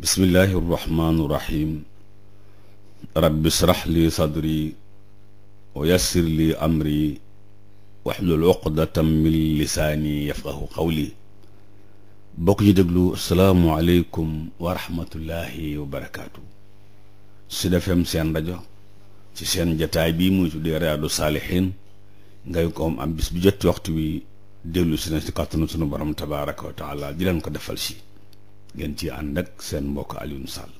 bismillahi irrahmaani irrahim rabbi shrah li sadri wa yassir li amri waxlul uqdatam min lisaani yafqahu qawli bokk ñu déglu asalaamualeykum wa rahmatullahi wa barakaatu Sud FM seen rajo ci seen jataay bii muy tuddee Riyadou Salihine ngay ko am bis bu jot waxtu wi dellu si na si kàttanu sunu borom tabaraka wa taala di leen ko defal si ngeen ci ànd ak seen mbokk Alioune Sall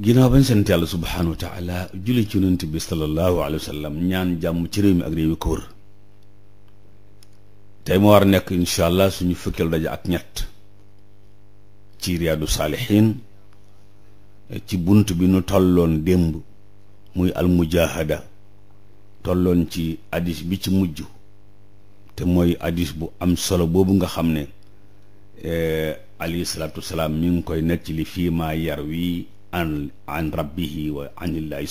ginnaaw bañ yàlla subhaanahu wa taala julli ci yonent bi sallallahu alayhi wa sallam ñaan jàmm ci réew mi ak réew yi ko tey moo war a nekk incha allah suñu fukkeel daje ak ñett ci riyaadu saalihiin ci bunt bi nu tolloon démb muy almujaahada tolloon ci addis bi ci mujj te mooy addis bu am solo boobu nga xam ne eh, alayhi salaatu wasalaam ngi koy nettali fii ma yar wi an an rabbihi wa anillaahi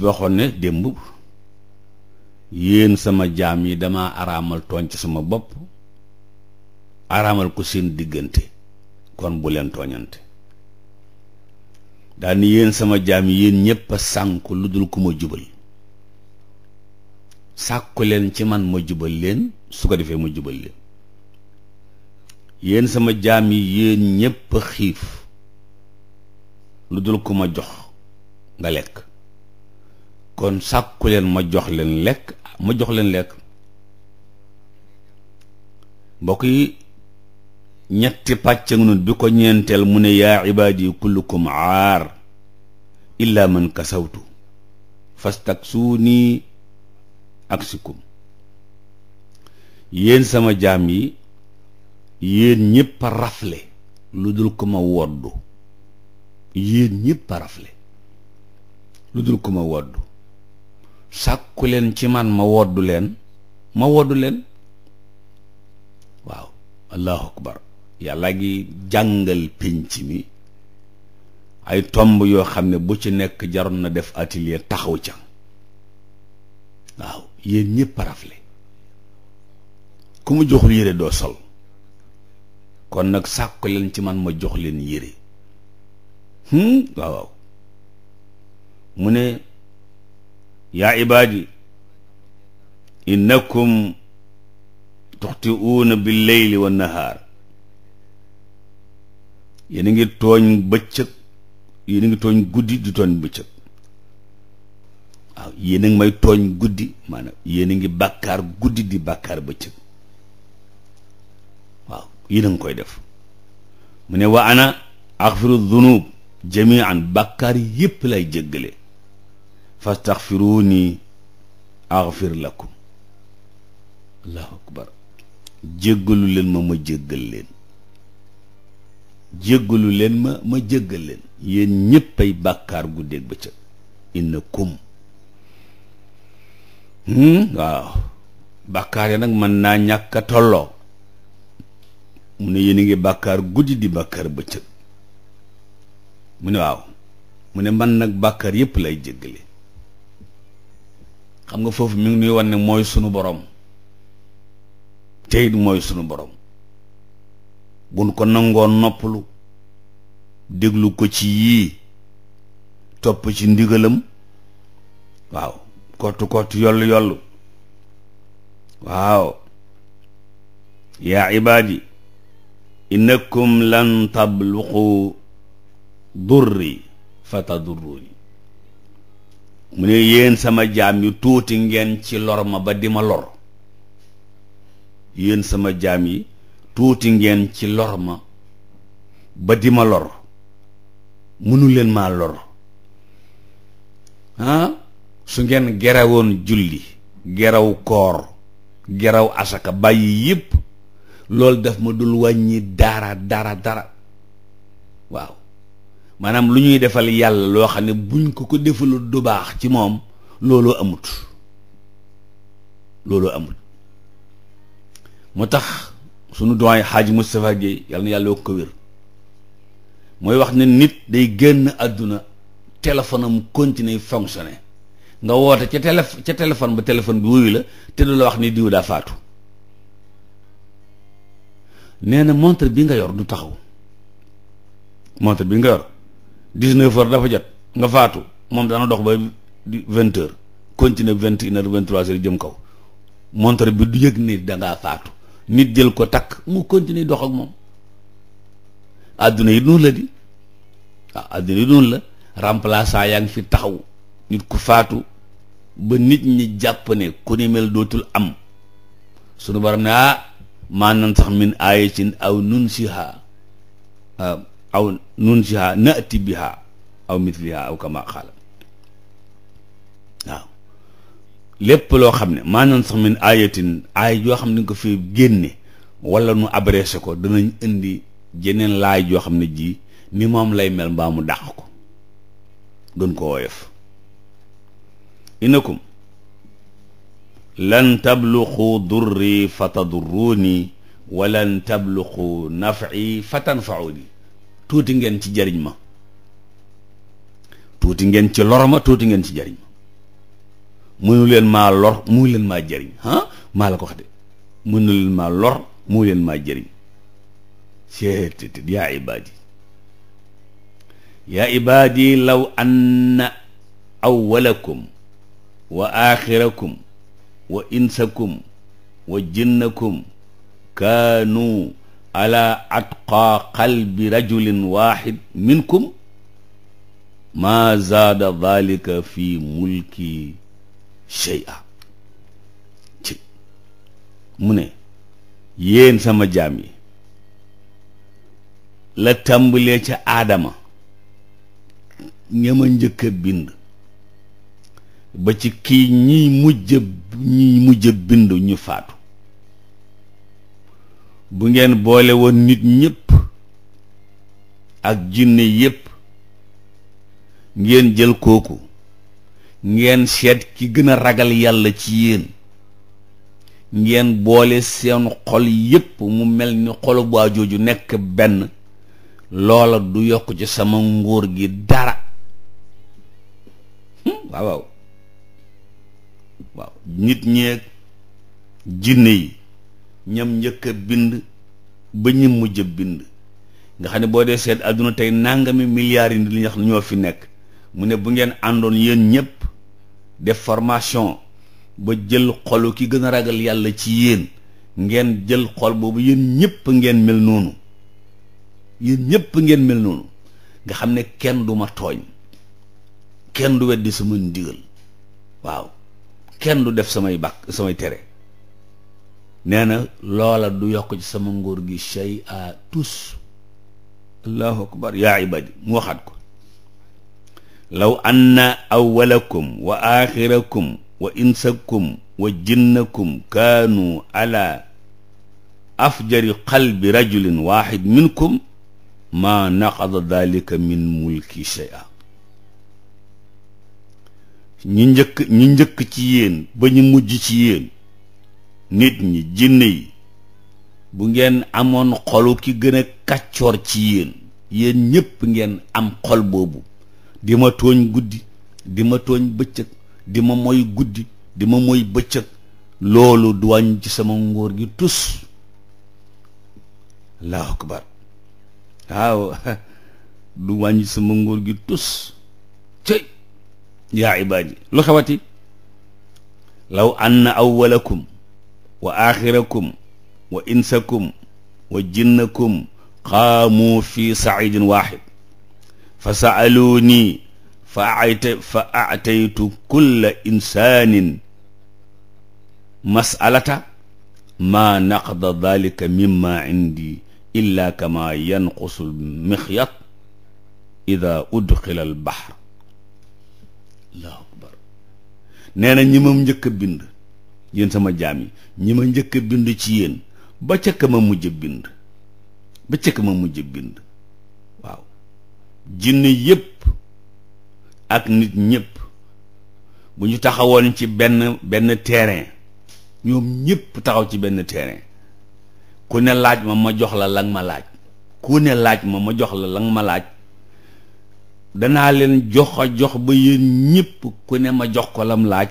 bi waxoon ne démb yéen sama jaam yi dama araamal tooñ ci sama bopp araamal ko seen diggante kon bu leen tooñante daani yéen sama jaam yéen ñépp a sànk lu dul ku ma jubal sàkku leen ci man ma jubal leen su ko defee ma jubal leen yéen sama jaam yi yéen ñépp xiif lu dul ku ma jox nga lekk kon sàkku leen ma jox leen lekk ma jox leen lekk mbokk yi ñetti pàcc nun bi ko ñeenteel mu ne yaa ibaadi kullukum aar illa man kasawtu fastaksuuni aksikum yéen sama jaam yi yéen ñëpp a rafle lu dul ko ma woddu yéen lu dul ko woddu sàkku leen ci man ma woddu leen ma woddu leen waaw allahu akbar yàlla ngi jàngal pinc mi ay tomb yoo xam ne bu ci nekk jaroon na def atelier taxaw ca waaw yéen ñëpp rafle ku mu joxul yére doo sol kon nag sàkku leen ci man ma jox leen yére hmm? waaw waaw mu ne yaa ibaadi innakum tuxtiuuna bil leyli wa nahaar yéen a ngi tooñ bëccëg yéen a ngi tooñ guddi di tooñ bëccëg waaw yéen a ngi may tooñ guddi maanaam yéen a ngi bàkkaar guddi di bàkkaar bëccëg yi da nga koy def mu ne wa ana axfiru dunub jamian bàkkaar yépp lay jëggale fastaxfiruuni axfir lakum allahu akbar jéggalu leen ma ma jéggal leen jéggalu leen ma ma jéggal leen yéen ñépp ay bàkkaar guddeeg bëccëg innakum hmm? waaw bàkkaar ya nag mën naa ñàkk a tolloo mu ne yéen bàkkaar guddi di bàkkaar bëccëg mu ne waaw mu ne man nag bàkkaar yépp lay jéggale xam nga foofu mu ngi nuy wan ne mooy sunu boroom teyit mooy sunu borom buñ ko nangoo noppalu déglu ko ci yii topp ci ndigalam waaw kottu kottu yollu yollu waaw yaa ibaadi innakum lan tabluqu durri fa tadurruni mu ne yéen sama jaam yu tuuti yéen sama jaam yi tuuti ngeen ci lor ma ba di ma lor mënu leen maa lor ah? su ngeen gerawoon julli geraw koor geraw asaka bàyyi yépp loolu daf ma dul wàññi dara dara dara waaw maanaam lu ñuy defal yàlla loo xam ne buñ ko ko defalul du baax ci moom looloo amut looloo amut moo tax sunu doyen xaaji Moustapha Guèye yàlla na yàlla yokk ko wér mooy wax ne nit day génn àdduna téléphone am continuer fonctionner nga woote ca télé ca téléphone ba téléphone bi wuyu la te du la wax ni diw daa faatu nee na montre bi nga yor du taxaw montre bi nga yor dix-neuf heures dafa jot nga faatu moom dana dox ba di heures continuer vingt une heures vingt trois heures jëm kaw montre bi du yëg ni dangaa faatu nit jël ko takk mu continuer dox ak moom àdduna yi noonu la di waaw àdduna yi noonu la remplaçant yaa ngi fi taxaw nit ku faatu ba nit ñi jàpp ne ku ni mel dootul am sunu borom ne ah maanaam sax min ayatin aw nun siha ah, aw nun siha nati biha aw mithliha aw kama xaala lépp loo xam ne maanaam sax min ayatin aay yoo xam ne ko fi génne wala nu abrese ko danañ indi jeneen laay yoo xam ne jii ni moom lay mel mbaa mu dàq ko gën ko woyof inakum lan tabluqu durri fa tadurruuni walan tabluqu nafci fa tanfauni tuuti ngeen ci jariñ ma tuuti ngeen ci lor ma tuuti ngeen ci jariñ ma mënu leen maa lor mënu leen maa jariñ ah maa la ko wax de mënu leen maa lor mënu leen maa jariñ seetetet yaa ibaadi yaa law anna awwalakum wa axirakum wa insakum wa jinnakum kaanu ala atqa qalbi rajulin waxid minkum maa zaada dalika fi mulki shay'a ci mu ne yéen sama jaam yi la tàmbalee ca aadama ñama njëkk a bind ba ci kii ñiy mujj ñiy mujj bindu ñu faatu bu ngeen boolewoon nit ñëpp ak jinné yépp ngeen jël kooku ngeen seet ki gëna ragal yàlla ci yéen ngeen boole seen xol yépp mu mel ni xolu waa jooju nekk benn loola du yokk ci sama nguur gi dara hmm, waaw waaw nit ñeeg jinne yi ñam njëkk bind ba ñu mujj a bind nga xam ne boo dee seet àdduna tey nangami milliards yi li ñu wax ñoo fi nekk mu ne bu ngeen àndoon yéen ñëpp def formation ba jël xolu ki gën a ragal yàlla ci yéen ngeen jël xol boobu yéen ñëpp ngeen mel noonu yéen ñépp ngeen mel noonu nga xam ne kenn du ma tooñ kenn du weddi sama ndigal waaw kenn du def samay bàkk samay tere nee na loola du yokk ci sama nguur gi shay a tus allahu akbar yaa ibadi mu waxaat ko law anna awwalakum wa axirakum wa insakum wa jinnakum kaanu ala afjari qalbi rajulin waxid minkum ma naqada dalika min mulki shay'a ñu njëkk ñu njëkk ci yéen ba ñu mujj ci yéen nit ñi jinne yi bu ngeen amoon xolu ki gën a kàccoor ci yéen yéen ñépp ngeen am xol boobu di ma tooñ guddi di ma tooñ bëccëg di ma mooy guddi di ma mooy bëccëg loolu du wàññi sama ngóor gi tus allahu akbar waaw du wàññi sama ngóor gi tus yaa ibaadi lu xewati law anna awwalakum wa aaxirakum wa insakum wa jinnakum qaamu fi saidin waaxid fa saaluunii fa ata fa ataytu kulla insaanin masalata maa naqda dalika mimma indi illa kama yanqusu almixyat ida udxila albaxr allahu na ñi ma njëkk a bind yéen sama jaam yi ñi ma njëkk a bind ci yéen ba ca ma mujj bind ba ca ma mujj bind waaw jinne yépp ak nit ñépp bu ñu taxawoon ci benn benn terrain ñoom ñépp taxaw ci benn terrain ku ne laaj ma ma jox la lang ma laaj ku ne laaj ma ma jox la lang ma laaj danaa leen jox jox ba yéen ñépp ku ne ma jox ko lam laaj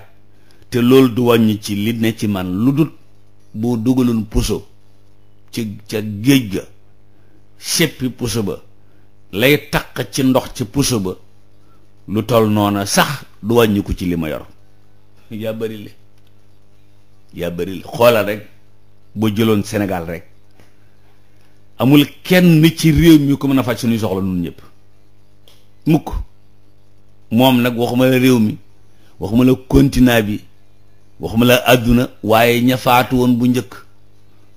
te loolu du wàññi ci li ne ci man lu dut boo dugaloon puso ci ca géej ga seppi puso ba lay taq ci ndox ci puso ba lu tol noona sax du wàññiku ci li ma yor yaa bëri le yaa xoolal rek boo jëloon Sénégal rek amul kenn ci réew mi ku mën a faj suñuy soxla nun ñëpp mukk moom nag waxuma la réew mi waxuma la continent bi waxuma la àdduna waaye ñafaatu woon bu njëkk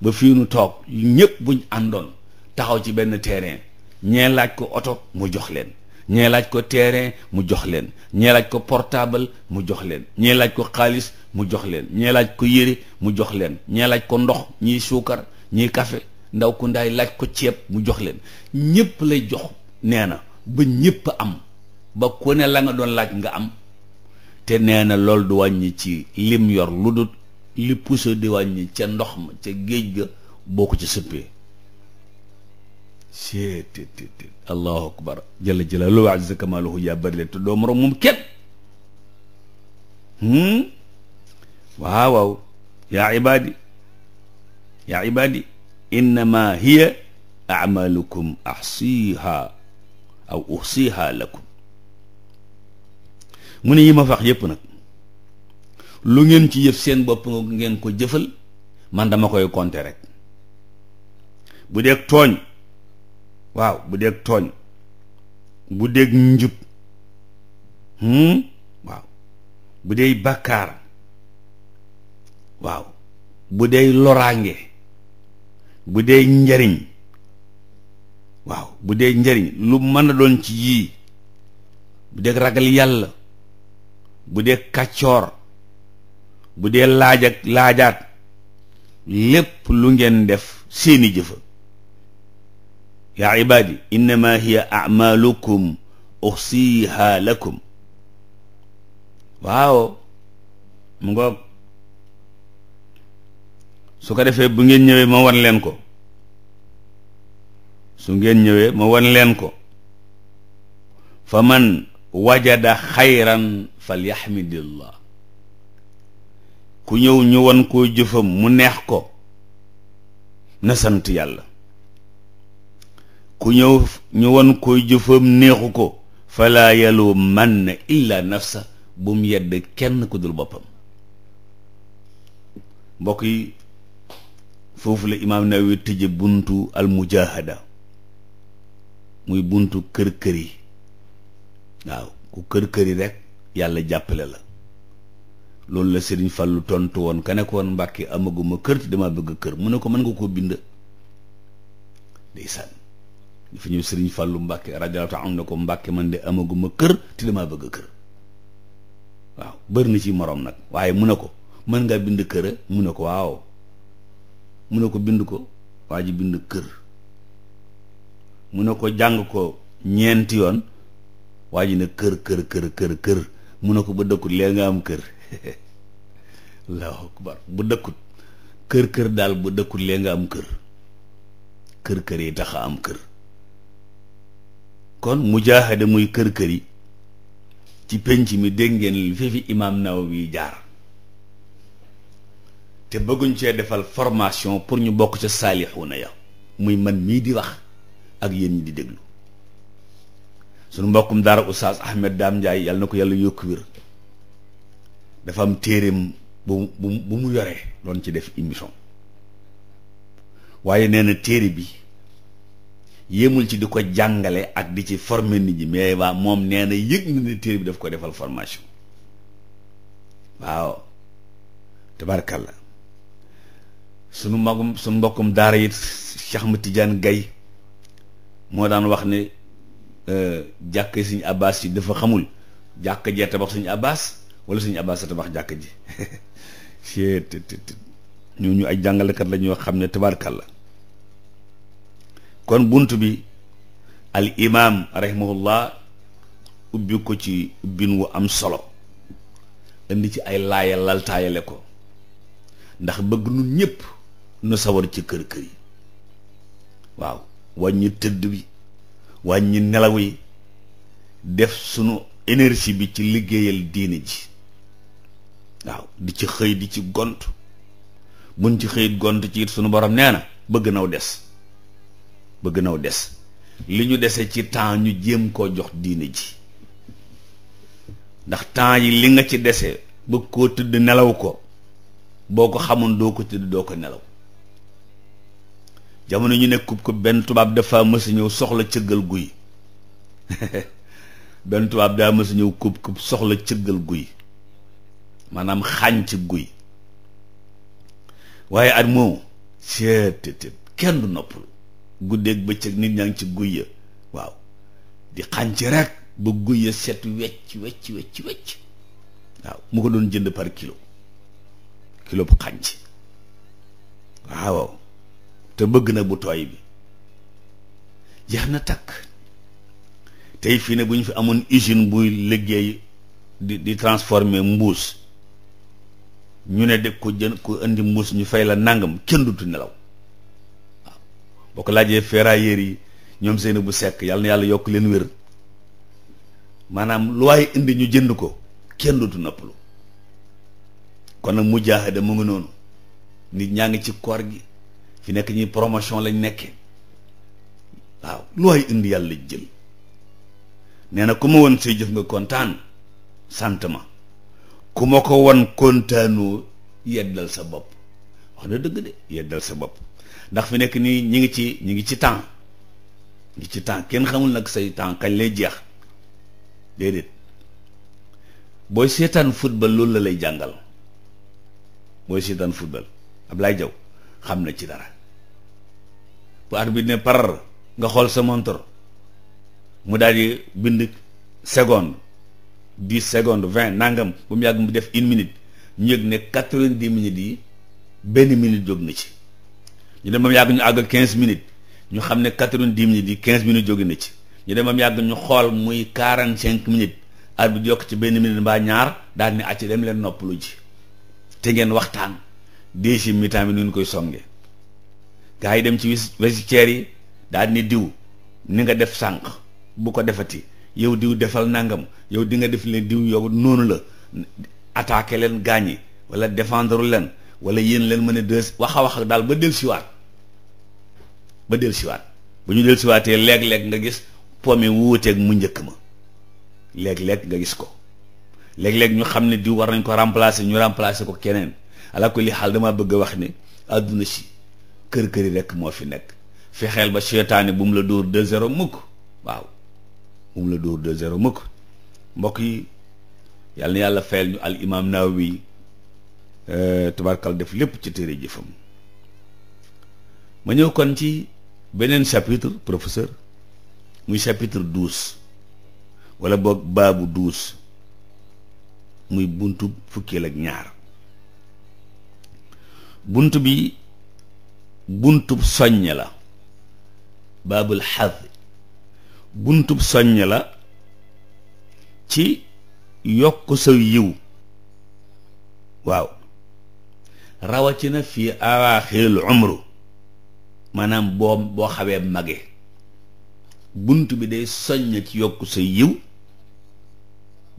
ba fii nu toog ñëpp buñ àndoon taxaw ci benn terrain ñee laaj ko oto mu jox leen ñee laaj ko terrain mu jox leen ñee laaj ko portable mu jox leen ñee laaj ko xaalis mu jox leen ñee ko yére mu jox leen ñee laaj ko ndox ñii suukar ñii kafe ndaw ku ndaay laaj ko ceeb mu jox leen ñépp lay jox nee na ba ñépp am ba ku ne la nga doon laaj nga am te nee na lool du wàññi ci lim yor lu li puso di wàññi ca ndox ma ca géej ga boo ko ci sëppee seetetetet allahu akbar jalla jalaaluhu wa azza kamaaluhu yaa bërile te doo moroom moom kenn hmm? waaw waaw yaa ibaadi yaa ibaadi innama hiya amalukum ahsiha aw uxsiha lakum mu ne yi ma fax yépp nag lu ngeen ci yëf seen bopp nga ngeen ko jëfal man dama koy konte rek bu dee tooñ waaw bu dee tooñ bu dee njub hmm? waaw bu dee bàkkaar waaw bu dee loraange bu dee njariñ waaw bu dee njariñ lu mën a doon ci yii bu dee ragal yàlla bu dee kàccoor bu dee laaj ak laajaat lépp lu ngeen def seeni jëfa yaa ibaadi innama hiya amalukum uxsiha lakum waaw mu ngoog su ko defee bu ngeen ñëwee ma wan leen ko su ngeen ñëwee ma wan leen ko fa man wajada xayran falyaxmidillah ku ñëw ñu wan koo jëfam mu neex ko na sant yàlla ku ñëw ñu wan koo jëfam neexu ko falaa yalu man na illa nafsa bu yedd kenn ko dul boppam mbokk yi foofu la imaam Nawawi tëje buntu al mujahada muy buntu kër kër yi waaw ku kër kër yi rek yàlla jàppale la loolu la fal lu tontu woon ka ne ko woon amaguma kër te dama bëgg kër mu ne ko mën nga koo bind ndeysaan dafa ñëw Serigne Fallou Mbàkke am na ko Mbàkke man de amaguma kër te dama waaw bëri na ci moroom nag waaye mu ne ko mën ngaa bind kër mu ne ko waaw mu ne ko bind ko waa ji bind kër mu ne ko jàng ko ñeenti yoon waa ji ne kër kër kër kër kër mu ne ko ba dëkkut lee nga am kër allahu bu dëkkut kër kër daal bu dëkkut lee nga am kër kër kër yi tax am kër kon mujaahada muy kër kër yi ci penc mi dégg ngeen li fi fi imaam Nawawi jaar te bëgguñ cee defal formation pour ñu bokk ca saalixuuna ya muy man mii di wax ak yéen ñi di déglu sunu mbokkum daara oustaz Ahmed Dame Ndiaye yàlla na ko yàlla yokk wér dafa am téereem bu bu bu mu yoree doon ci def émission waaye nee na téere bi yéemul ci di ko jàngale ak di ci former nit ñi mais moom nee na yëg na ne téere bi daf ko defal formation waaw tabarkalla sunu magum sunu mbokkum daara it Cheikh Ahmed Tidiane Gaye moo daan wax ne euh, jàkk suñu abbas yi dafa xamul jàkk jee tabax suñu abbas wala suñu abbas a tabax jàkk ji ñu ñu ay jàngalekat la ñoo xam ne la kon bunt bi al imaam rahimahullah ubbi ko ci ubbin wu am solo indi ci ay laaya laltaayale ko ndax bëgg nun ñëpp nu sawar ci kër kër yi waaw wàññi tëdd bi wàññi nelaw yi def sunu énergie bi ci liggéeyal diine ji waaw di ci xëy di ci gont buñ ci xëyit gont ci it sunu borom nee na bëgg naw des bëgg naw des li ñu dese ci temps ñu jéem koo jox diine ji ndax temps yi li nga ci desee bëgg koo tëdd nelaw ko boo ko xamoon doo ko tëdd doo ko nelaw jamono ñu nekk ko benn tubaab dafa mës a ñëw soxla cëggal guy benn tubaab daa mës a ñëw kub kub soxla cëggal guy maanaam xàñ ci guy waaye at moom du noppalu guddeeg nit ñaa ngi ci guy waaw di xàñ ci rek ba guy ya set wecc wecc wecc wecc waaw mu ko doon jënd par kilo kilo bu xàñ ci waaw te bëgg na bu tooy bi jeex na takk tey fii ne bu ñu fi amoon usine buy liggéey di di transformer mbuus ñu ne de ku jën ku indi mbuus ñu fay la nangam kenn dutu nelaw boo ko laajee ferrailleurs yi ñoom seen bu sekk yàlla na yàlla yokk leen wér maanaam lu waaye indi ñu jënd ko kenn dutu noppalu kon nag mujaahada mu ngi noonu nit ñaa ngi ci koor gi fi nekk ñi promotion lañ nekke waaw lu ay indi yàlla jël nee na ku ma woon say jëf nga kontaan sant ma ku ma ko won kontaanoo yeddal sa bopp wax na dëgg de yeddal sa bopp ndax fi nekk nii ñi ngi ci ñi ngi ci temps ñi ci temps kenn xamul nag say temps kañ lay jeex déedéet booy seetaan football loolu la lay jàngal booy seetaan football Ablaye Diaw xam na ci dara bu bi ne par nga xool sa montre mu daal di bind seconde dix secondes vingt nangam bu mu yàgg mu def une minute ñu yëg ne quatre-vingt-dix minutes yi benn minute jóg na ci ñu dem ba yàgg ñu àgg quinze minutes ñu xam ne quatre-vingt-dix minutes quinze minutes jóge na ci ñu dem ba mu yàgg ñu xool muy quarante-cinq minutes arbitre bi yokk ci benn minute mbaa ñaar daal ne acc dem leen noppalu ji te ngeen waxtaan deuxième mi-temps bi nu koy songe gaa yi dem ci wis vestiaire yi daal ni diw ni nga def sànq bu ko defati yow diw defal nangam yow di nga def leen diw yow noonu la attaqué leen gaañ yi wala défendre leen wala yéen leen mën a des wax a wax ak daal ba del siwaat ba del siwaat bu ñu del siwaatee léeg-léeg nga gis pomi wuuteeg mu njëkk ma léeg-léeg nga gis ko léeg-léeg ñu xam ne diw war nañ ko remplacer ñu remplacer ko keneen ala kulli xaal dama bëgg a wax ni àdduna si kër kër yi rekk moo fi nekk fexeel ba seytaane bu mu la dóor deux zéro mukk waaw bu mu la dóor deux zéro mukk mbokk yi yàlla na yàlla fayal ñu al imaam Nawawi euh, tabarkal def lépp ci téere jëfam ma ñëw kon ci beneen chapitre professeur muy chapitre douze wala boog baabu douze muy buntu fukkeel ak ñaar bunt bi buntub soññe la baabul xadd buntub soññe la ci yokk saw yiw waaw rawatina fii awaaxiril umru maanaam boo boo xawee mage bunt bi day soñña ci yokk sa yiw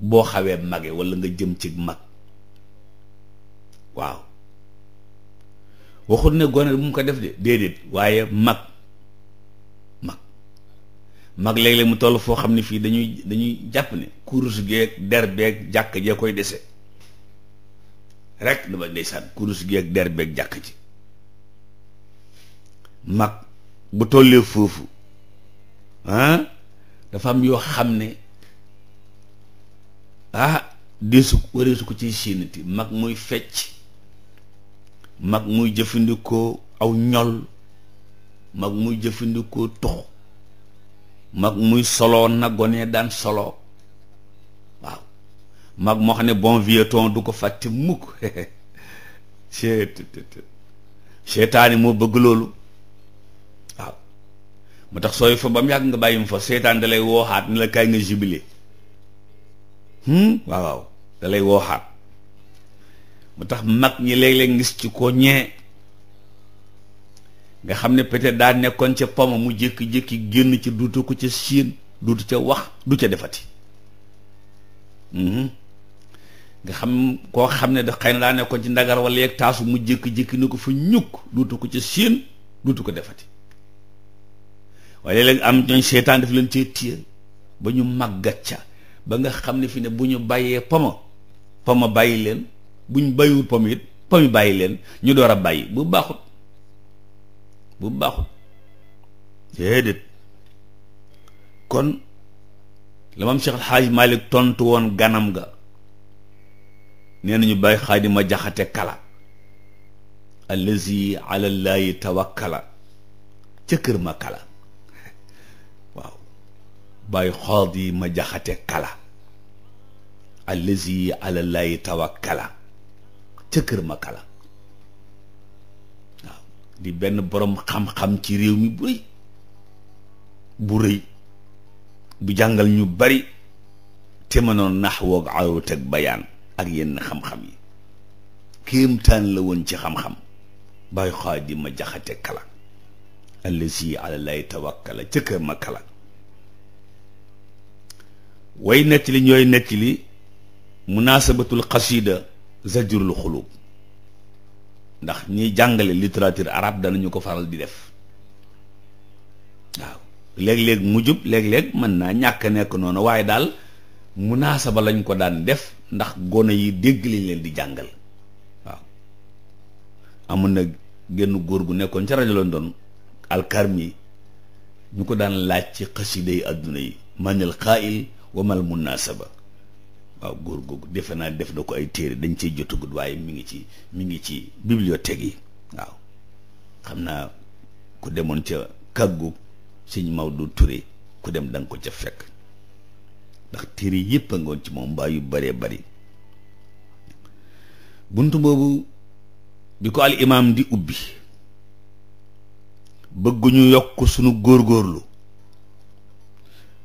boo xawee mage walla nga jëm ci mag waaw waxul ne gone bu mu ko def de déedéet waaye mag mag mag léeg-léeg mu toll foo xam ne fii dañuy dañuy jàpp ne kurus geeg der beeg jàkk jee koy dese rek dama ndeysaan kurus geeg der beeg jàkk ji mag bu tollee foofu ah, dafa am yoo xam ne ah deesu wareesu ko ci séenati mag muy fecc mag muy jëfandikoo aw ñol mag muy jëfandikoo tux mag muy soloo na gone daan soloo waaw mag moo xam ne bon vieux du ko fàtte mukk seetaani moo bëgg loolu waaw mu tax sooy fa ba mu yàgg nga bàyyi mu fa seetaan da lay wooxaat ne la kaay nga jubilé hmm? waaw waaw da lay wooxaat mu tax mag ñi léeg-léeg gis ci ko ñee nga xam ne peut-être daa nekkoon ca pom mu jékki-jékki génn ci duutu ko ca siin duutu ca wax du ca defati mhm. nga xam koo xam ne da xëy na daa nekkoon ci ndagar wala yeeg taasu mu jékki-jékki ni ko fa ñukk duutu ko ca siin duutu ko defati waaye léeg-léeg am ñooñ seetaan daf leen cee téye ba ñu màggat ca ba nga xam ne fi ne bu ñu bàyyee poma poma bàyyi leen buñ bayiwul pom it pom yi bàyyi leen ñu door a bàyyi bu baaxut bu baaxut déedéet kon la maam xaaj Alxaaj Malik tontu woon ganam ga nee nañu bàyyi xaadima jaxate kala allazi alallaahi tawakkala ca kër kala waaw bàyyi xaadima jaxate kala allazi alallaahi tawakkala ca kër Makala waaw di benn borom xam-xam ci réew mi bu rëy bu rëy bu jàngal ñu bari te mënoon naxwoog arawut ak bayaan ak yenn xam-xam yi kéemtaan la woon ci xam-xam bàyyi xaadi ma jaxate kala allasi ala lay tawakkala ca kër Makala way nettali ñooy nettali munaasabatul xasida zajurul xulub ndax ñi jàngale littérature arabe danañu ko faral di def waaw léeg-léeg mu jub léeg mën naa ñàkk nekk noonu waaye daal munaasaba lañ ko daan def ndax gone yi dégg lañ leen di jàngal waaw amoon na génn góor gu nekkoon ca rajo London alkarm ñu ko daan laaj ci xasida yi àdduna yi manal xaayil wamal munaasaba waaw góor googu defe naa def na ko ay téere dañ cey jotagut waaye mu ngi ci mu ngi ci bibliothèque yi waaw xam naa ku demoon ca kàggu sëñ Maodo Touré ku dem da ko ca fekk ndax téere yépp a ngoon ci moom mbaa yu baree bari bunt boobu bi ko al imaam di ubbi bëgguñu yokk sunu góor góorlu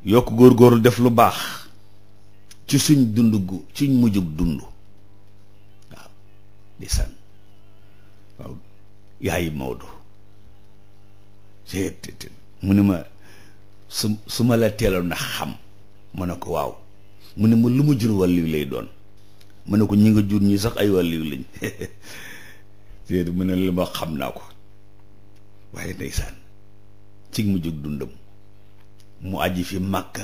yokk góorgóorlu def lu baax ci suñ dund gu ci mujjug dund waaw di san waaw yaayi Maodo seet mu ma su ma la teeloon na xam ma ne ko waaw mu ne ma lu ma jur wàlliw lay doon ma ne ko ñi nga jur ñi sax ay wàlliw lañ seet mu ne lu ma xam naa ko waaye ndeysaan ci mujjug dundam mu aji fi màkka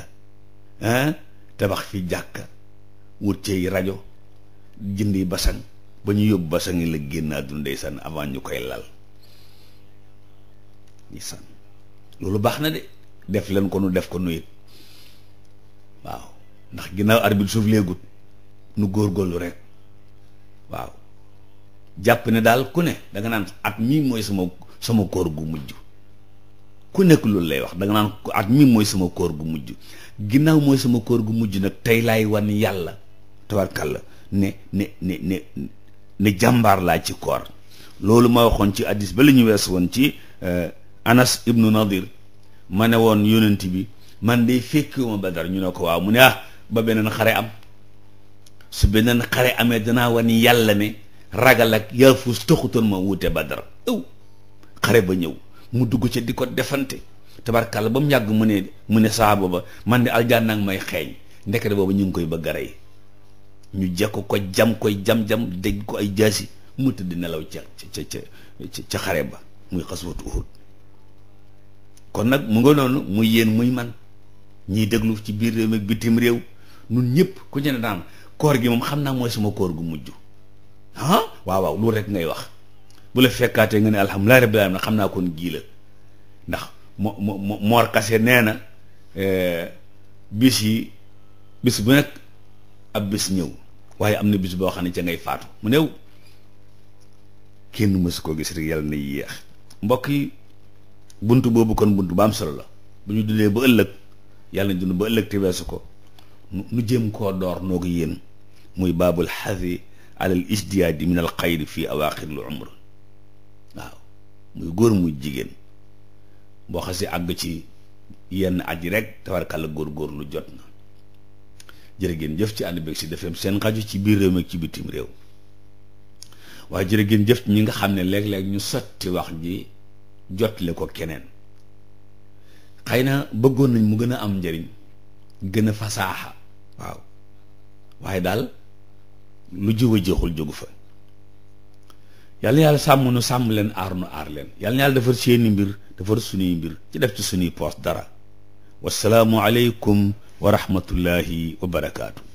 ah tabax fi jàkka wut cay rajo yi basan ba ñu yóbbu basang yi la génn àdduna san avant ñu koy lal ndeysaan loolu baax na de def leen ko nu def ko nu it waaw ndax ginnaaw arbitre suuf léegut nu góorgóorlu rek waaw jàpp ne daal ku ne danga naan at mii mooy sama sama kóor gu mujj ku nekk loolu lay wax da nga at mi mooy sama koor gu mujj ginnaaw mooy sama koor gu mujj nag tey laay wan yàlla tabarkàlla ne ne ne ne ne jàmbaar laa ci koor loolu ma waxoon ci addis ba la ñu wees woon ci euh, anas ibnu nadir ma ne woon yonent bi man day fekkiwuma badar ñu ne ko waaw mu ne ah ba beneen xare am su beneen xare amee danaa wan yàlla ne ragal ak yaafus taxutoon ma wuute badar ëw xare ba ñëw mu dugg ca di ko defante tabarkàlla ba mu yàgg mu ne mu ne saaba ba man de aljanna nag may xeeñ ndekete boobu ñu ngi koy bëgg a rey ñu jekk ko jam koy jam-jam dégg ko ay jaasi mu tëdd nelaw ca ca ca ca xare ba muy xaswatu Uhud kon nag mu nga noonu muy yéen muy man ñiy déglu ci biir réew mi bitim réew nun ñëpp ku ci ne daan koor gi moom xam naa mooy sama koor gu mujj ah waaw waaw loolu rek ngay wax bu la fekkaatee nga ne alhamdulilah rabbil na xam naa kon gii la ndax mo mo Mor Kase nee na eh, bis yi bis bu nekk ab bis ñëw waaye am na bis boo xam ne ca ngay faatu mu néew kenn mësu koo gis rek yàlla na yéex mbokk yi bunt boobu kon bunt ba am solo la bu ñu dundee ba ëllëg yàlla na dund ba ëllëg te weesu ko nu jëm koo door noo ko yéen muy baabul xafi alal ijtihaadi min al xayri fii awaaxiril umr waaw muy góor mu jigéen boo xasee àgg ci yenn at yi rek tabarkàlla góor-góor lu jot na jërë ngeen jëf ci ànd beeg si defem seen xaju ci biir réew mi ci bitim réew waaye jërë ngeen jëf ñi nga xam ne léeg-léeg ñu sotti wax ji jotle ko keneen xëy na bëggoon nañ mu gën a am njëriñ gën a fasaaxa waaw waaye daal lu jiw a jeexul jógu fa yàlla na yàlla sàmm nu sàmm leen aar nu aar leen yàlla na yàlla defar seeni mbir dafar suñuy mbir ci def ci suñuy poos dara wasalaamu aleykum wa rahmatullahi wa barakaatu.